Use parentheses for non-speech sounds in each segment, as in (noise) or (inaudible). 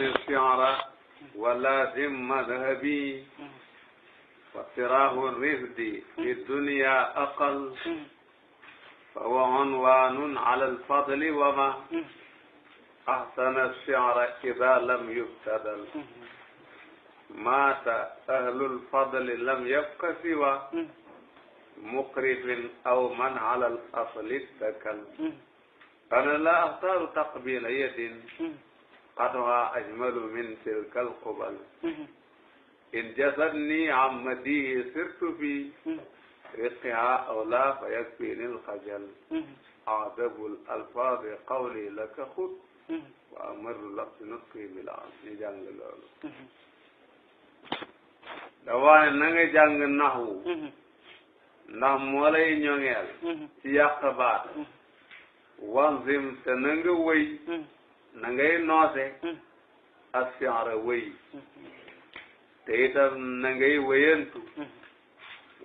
الشعر ولازم مذهبي واقتراه الرفد في الدنيا أقل فهو عنوان على الفضل وما أحسن الشعر إذا لم يبتذل مات أهل الفضل لم يبق سوى مقرف أو من على الأصل اتكل أنا لا أختار تقبيل يد xatoha ajmalu min tilkal qubal in jasadni amadi sirtu fi risqiha awla fa yakfini lxajal adabul alfaadi qawli laka xut wa amaru lafsi nutqi bil am ñu jàng loolu dafa ne na nga jàng naxwu ndax moo lay ñoŋeel ci yàq baat wanzim te na nga wëy na ngay noose hmm. assiara wëy hmm. te itam na ngay wëyantu hmm.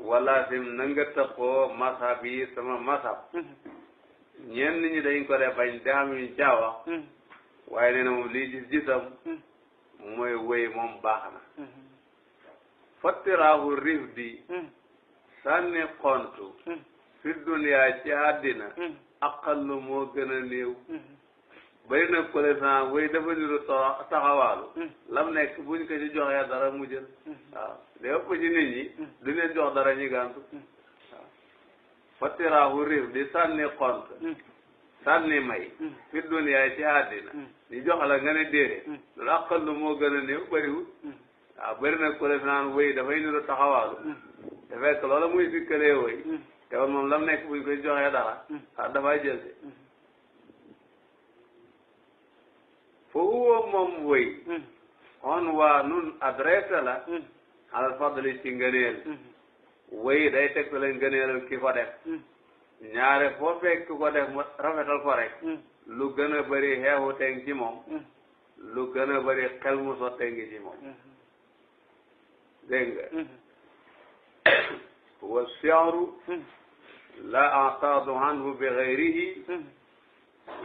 wala sim na nga tëqoo masab yi sama masab ñenn ñi dañ ko def bañ daa am yuñ caa wax waaye nee na moom lii gis gisam mooy wëy moom baax na fattiraahu rif di sànni xontu fi duniyaa ci àddina aqallu moo gën a néew bëri na connaissance buy dafa niru taxawaalu hmm. lam nekk buñ ko ci joxee dara mu jël hmm. waaw li ëpp ci nit ñi hmm. du leen jox dara ñi gàntu waaw fattiraahu riir di sànni xont sànni may fi duniyaay ci àddina ñu jox la nga ne déere loolu àqal lu moo gën a néew bëriwul waaw bëri na connaissance wéy dafay niru taxawaalu te fekk loola muy sikkalee wéy te woon moom lam nekk buñ ko ci joxee dara sax dafay jël de boobu moom hmm. on waa nun adresse la hmm. alal fadli ci ngëneel hmm. woy day teg la ngëneelal ki ko def ñaare foo fekk ko def mu rafetal ko rek lu gën a bëri ci moom lu gën a bëri xel mu sotte ngi ci moom dégg nga wa siaru la a'taadu anhu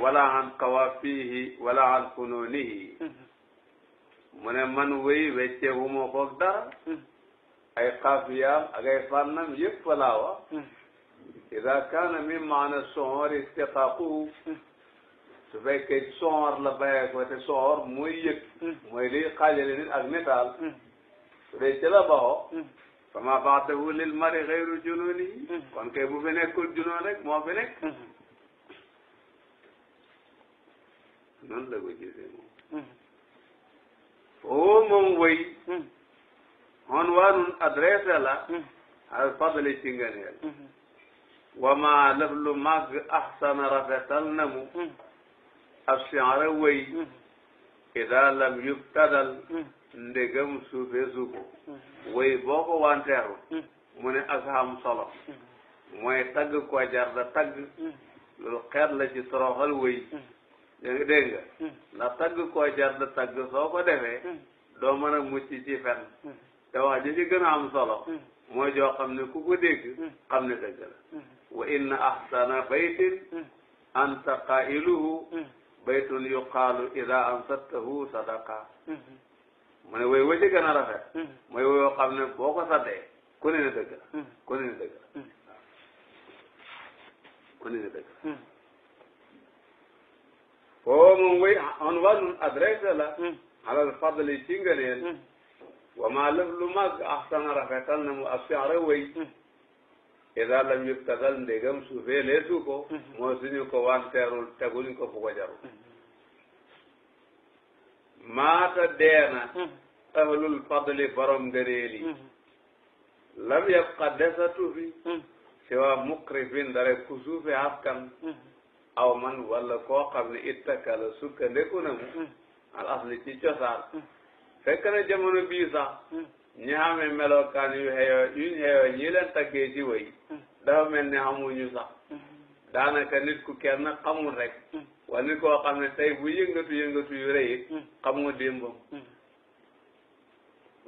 wala an kawafihi ma koog dara ay xaafiyaam ak ay fànnam yëpp laa wax ida kaana min maana soxor istiqaaquhu su fekkee soxor la bàyyee ko te soxor mooy yëg mooy liy xaajale nit ak nitaal su dee ci la baxoo fama baxtahu lil mari xayru junooni kon kay bu fi nekkul junoon moo fi noonu la ko gisee moom hmm. foo moom way hon waanun adresse la hmm. al fadli ci ngëneel hmm. wama lëf lu màgg ahsana rafetal na mu ab chenre way ida lam yub tadal ndegam suufee suuko way boo ko wanteeru mu ne ak xam solo mooy tagg ko jar da tagg loolu xeet la ci toroxal way yaa ngi dégg nga hmm. ndax tagg koo jar soo ko defee hmm. doo mën a mucc ci fen hmm. te wax ji ci gën a am solo mooy ne ku ko dégg xam ne dëgg la wa inna ahsana baytin anta qailuhu baytun yuqaalu ida amsattahu sadaqa mu ne woy wa ci gën a rafet mooy woyoo xam ne boo ko ku ne ne dëgg ku ne ne dëgg ku ne ne dëgg foo moom on wàllum adresse la alal fadli ci ngëneel wa maa lëf lu màgg ahsana rafetal na mu absiara way ida lam yubtadal ndégam suufee leetu ko moo suñu ko wanteerul teguñ ko fu ko jarul maata deena ahlul fadli borom ngëneel yi lam yabqa desatu fi siwa mukrifin dara ku suufe askan aw man wala koo xam ne ittaka la sukkandeku na mu mm. al asli ci cosaan mm. fekk na jamono bii sax mm. ñi xamee melokaan yu xeyoo yuñ xeyoo ñi leen taggee ci wëy dafa mel ne xamuñu sax daanaka nit ku kenn xamul rek wala nit koo xam ne tey bu yëngatu yëngatu yu rëy it xamoo démbam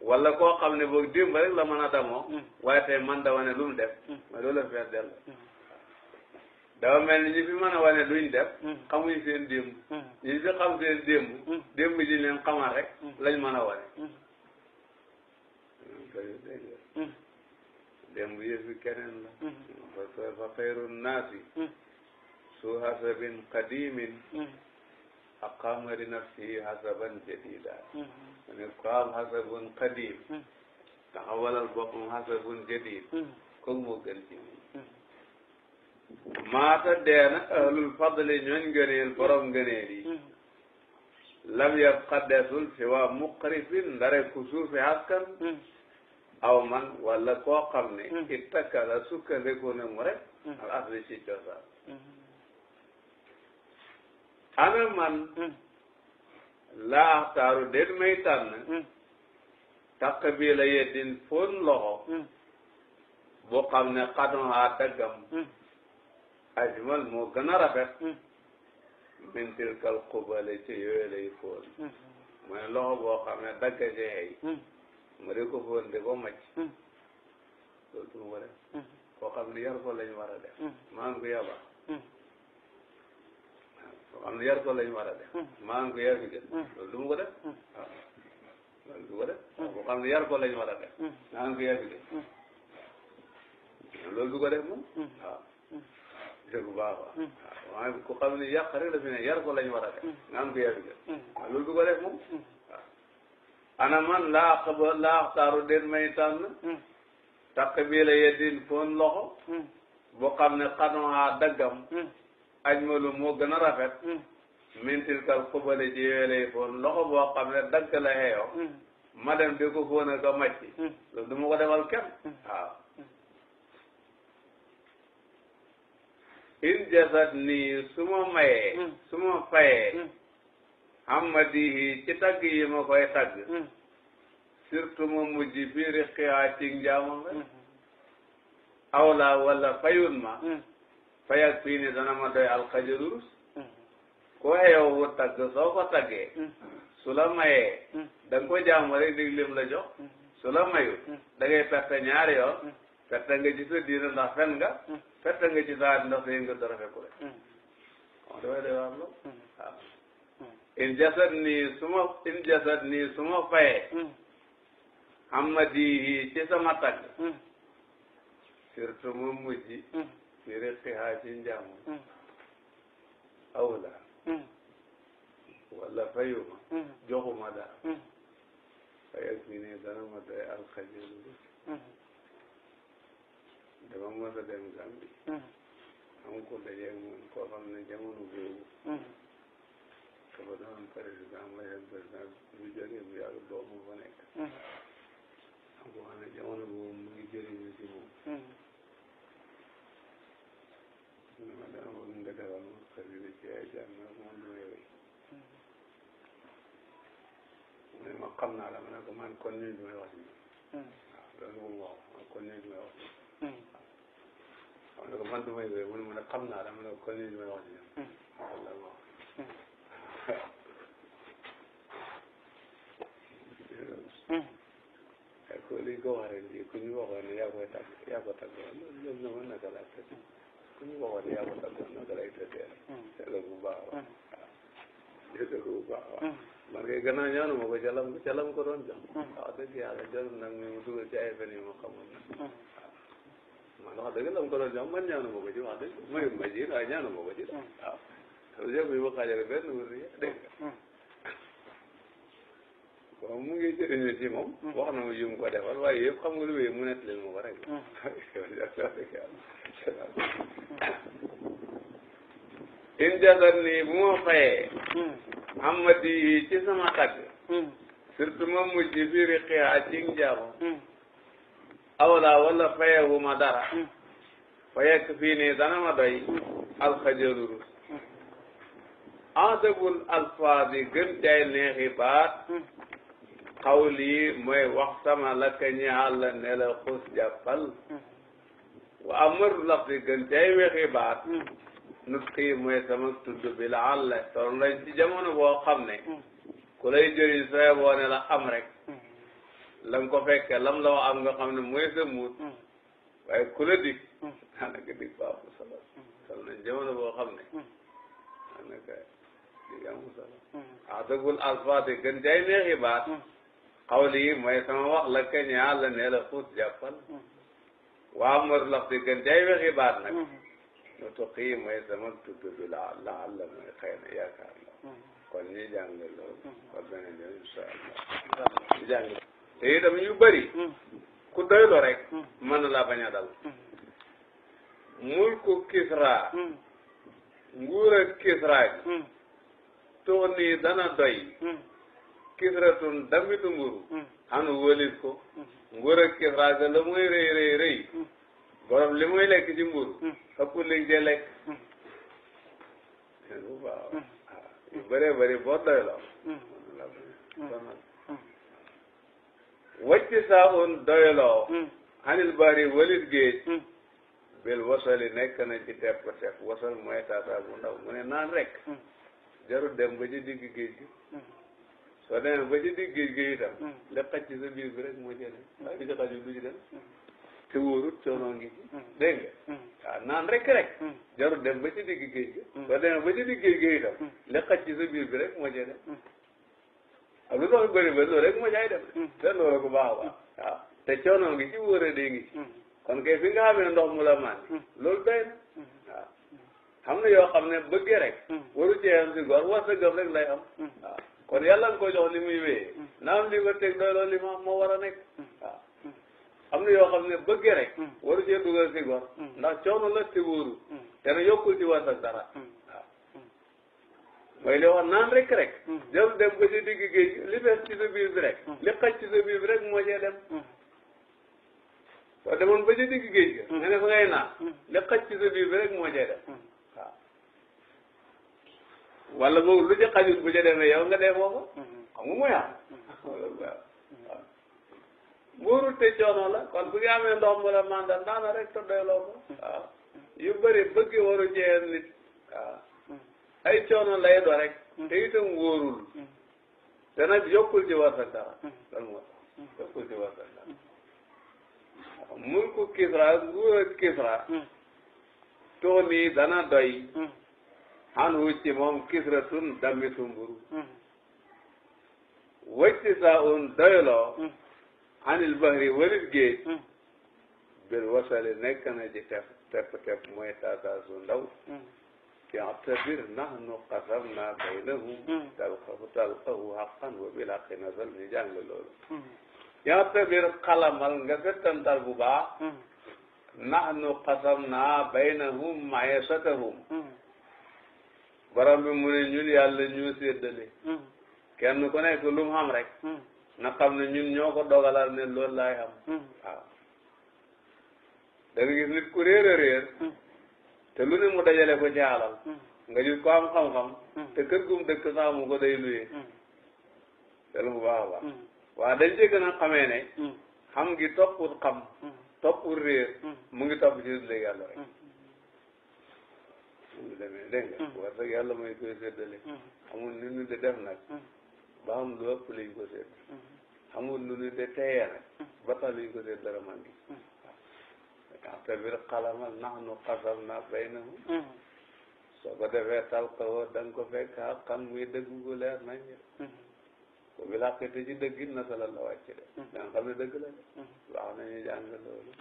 wala koo xam ne boog démb rek la mën a damoo waaye tey man dama ne lu mu def ma loolu la fees dell dafa mel ni ñu fi mën a wane duñ def. Hmm. xamuñ seen démb. Hmm. ñu fi xam seen démb. Hmm. démb ji leen xamal rek lañ mën a wane. démb yëfi keneen la. fa fa xayru naasi. su hasabin qadimin. aqaama li nafsihi hasaban jadida. ne ku am hasabun qadim. taxawalal boppam hasabun jadid. kooku moo gën ci maata deena ahlul fadli ñooñ ngëneel borom ngëneel yi mm-hmm. lam yabqa desul si waa muqrifin ndare ku suufi askan mm-hmm. aw man walla koo xam ne mm-hmm. ittaka la sukkandiku ne mu rek al asli ci cosaan ana man laa axtaaru déet may tànn takk bii la yeddin foon loxo bu xam ne xadon haa daggam ajmal moo gën a rafet mm. min tilkal qubale ci yooyu lay foon mm. mooy loxo boo xam ne dagg ci xëy ma mm. di ko foon di ko macc loolu du ma def koo xam ne yar ko lañ war a def maa ngi ko yaba koo xam ne yar ko lañ war a def maa ngi ko yar bi gën loolu du ma ko def waaw loolu du ko def koo xam ne yar ko lañ war a def maa ko yar bi gën loolu gis bu baax a baax. Hmm. waaw ku xam ne yàq rek la fi ne yar ko lañ war a def. nga am hmm. ko yar nga hmm. loolu du ko def moom. ana man laa xaba laa xaaru den may tànn. takk bii la yeddin foon loxo. boo xam ne a daggam. ajmalu moo gën a rafet. mintil kal xubale ji yooyu lay foon loxo boo xam ne dagg la xeeyoo. ma dem di ko foon ak a màcc. loolu du ma ko defal kenn waaw. in jasat nii su ma mayee mm. su ma fayee mm. ci tagg yi ma koy tagg mm. surtout ma mujj fii riqiyaa ci njaamam rek awla wala fayun ma fayak fii ni dana ma doy alxajadurus ko xeyow bu tagg soo ko taggee su la mayee rek dig lim la jox su la mayu da ngay perte ñaari perte nga ci sa diina ndax fen nga perte hmm. nga ci sa ndax sa yëngu dara fekku rek on hmm. dafay hmm. in jasad nii su ma in jasad nii su ma fayee xam ma di ci sama tagg surtout mu mujj ci riqi haa ci wala fayuma joxuma dara fayag fi ne dana ma day alxajiru dafa mos a dem Gàmbi mm-hmm. am ko dajeeg moom koo xam ne jamono boobu mm-hmm. dafa doon président maye président bu jógee bu yàgg boobu fa nekk mm-hmm. am ko xam ne jamono boobu mu ngi jëriñu ci moom ne ma dama bëgg nga defal ma xasida ci ay jàng moom du mu ne ma xam naa la ma ne ko man kon may wax nii waaw loolu moom wax may wax xam hmm. nga man du may béy mu ne xam naa dama ne kon lii li may wax ci hmm. hmm. (laughs) ko li ko waxee nii ku ñu waxoon ne yaa koy tàgg yaa ko tàgg loolu na ma naka laa tëdd ku ñu waxoon ne yaa ko tàgg naka lay tëddee la bu baax a baax bu baax a baax man kay gannaaw ñaanu ma ko calam calam ko doon jox wax dëgg yàlla jarul nag mu dugal ci ay fen yi ma xamul nag wax dëgg la mu ko doon man ñaanu ma ko ci wax dëgg mayu ma ji waaye ñaanu ma ko ci waaw projet bi ma xaajale benn wër mu ngi jëriñu ci moom wax na ma yu ko defal waaye yëpp xam nga lu wéy mu nett leen ma ko rek in jasar nii bu ma fayee amadi ci sama tagg surtout ma mujj biiri xiyaa ci awla wala fayahuma dara fa yekk fii nii dana ma doy alxajaru rus adabul alfaaz yi gën jaay neexi baat xawli mooy wax sama la ka ñaal la ne la xus jàppal wa amar laf yi gën jaay weexi baat nutqi mooy sama tudd bi la àll la toon lañ ci jamono boo xam ne ku lay jëriñ sooy boo ne la am rek la ko fekkee lam la wax am nga xam ne mooy sa muut hmm. waaye ku la dig hmm. daanaka dig baaxul solo hmm. sol nañ jamono boo xam ne daanaka dig amul solo adagul alfaati gën jaay neexi baat xawli yi mooy sama wax la ka ñaa la nee la xuut jàppal waa mor lafti gën jaay wexi baat nag nu tuqii mooy sama tudd bi la la àlla mooy xëy na yaakaar la kon ñu jàng loolu ba beneen yoon incha allah ñu jàng te itam yu bëri hmm. ku doylu rek hmm. mën dal hmm. mulku kisra nguur ak kisra gi tuux nii dana doy kisratun damitu mburu xanu wëlis ko nguur ak ga la muy rëy rëy borom li muy lekk ci mburu xëppu liñ de lekk eh, ah, yu bëree bëri boo doyloo wacci saa un doyloo xanil hmm. bari walit géej hmm. bil wasali nekk na ci tepp tepp wasal mooy taataa bu ndaw mu ne naan rek hmm. jarul dem ba ci digg géej gi soo demee ba ci digg géej gi itam li xaj ci sa biir bi rek moo jëlee waaye bi ci xajul du ci dem te wóorut coono ngi ci dégg nga naan rek rek jarul ba ci digg géej gi soo demee ba ci digg géej gi itam li xaj ci sa biir bi rek moo jëlee ak lu tax bëri ba loolu rek ma jaay dem te loolu ko baax te coono gi ci wóoree dee ngi ci kon kay fi nga xam ne ndox mu la maan loolu doy na waaw xam ne bëggee rek waru cee am si góor war sa gëm rek lay am waaw kon yàlla ko jox li muy wéyee naa am li ma teg doy loolu ma moo war a nekk am na yoo xam ne bëggee rek waru cee dugal si góor ndax coono la te wóoru te ne yokkul ci war sa dara mooy li wax naan rek rek. jël hmm. dem ba ci digg géej li fees ci sa biir hmm. li xaj ci sa biir bi rek moo cee dem. Hmm. soo demoon ba ci digg géej ga. nga fa ngay naan. li xaj ci sa biir bi rek moo cee dem. waaw wala boobu lu ci xajul bu ca demee yow nga dee foofa. xam nga mooy am. (laughs) waaw mbuuru te kon bu ñu amee ndox mu la mandal naana rek te doyloo ko. waaw yu bëri bëgg waru nit waaw. ay coono lay do rek te itam wóorul te nag yokkul ci war sa dara loolu moo tax yokkul ci war sa dara mulku Kisra nguur Kisra tooni dana doy mm. han hu ci moom Kisra tun dammi tumburu wacci mm. saa un doyloo mm. anil bahri walit géej bil wasale nekk na ci tepp tepp tepp mooy taataa su ndaw i'tabir nahnu qasamna baynahum talqahu talqahu haqqan wa bil haqqi nasal ñu jàng loolu i'tabir xalamal nga settantal bu baax nahnu qasamna baynahum ma'ishatahum borom bi mu ne ñun yàlla ñoo séddale kenn ku nekk lu mu xam rek na xam ne ñun ñoo ko dogalal ne loolu laay am waaw da nga gis nit ku réer a réer te lu ne mu dajale ko ci alal hmm. nga gis ko am xam-xam hmm. te kër gum dëkk sax mu ko day luyee hmm. loolu bu baax a baax waaw dañ ci gën a xamee ne gi toppul xam toppul réer mu ngi topp ci dudle yàlla rek mu demee dégg nga war rek yàlla mooy koy séddale amul nu ñu de def nag ba am lu ëpp liñ ko sédd amul nu de teyee nag ba tax liñ ko sédd dara te bil xalamal nahnu xasam naa baynahum hmm. soo ko defee talka woo da nga ko fekk xaqan muy dëgg gu leer nañ hmm. ko bil xaq te ci dëgg it nasala la wàcc de hmm. da nga xam ne dëgg la de wax nañu jàng loolu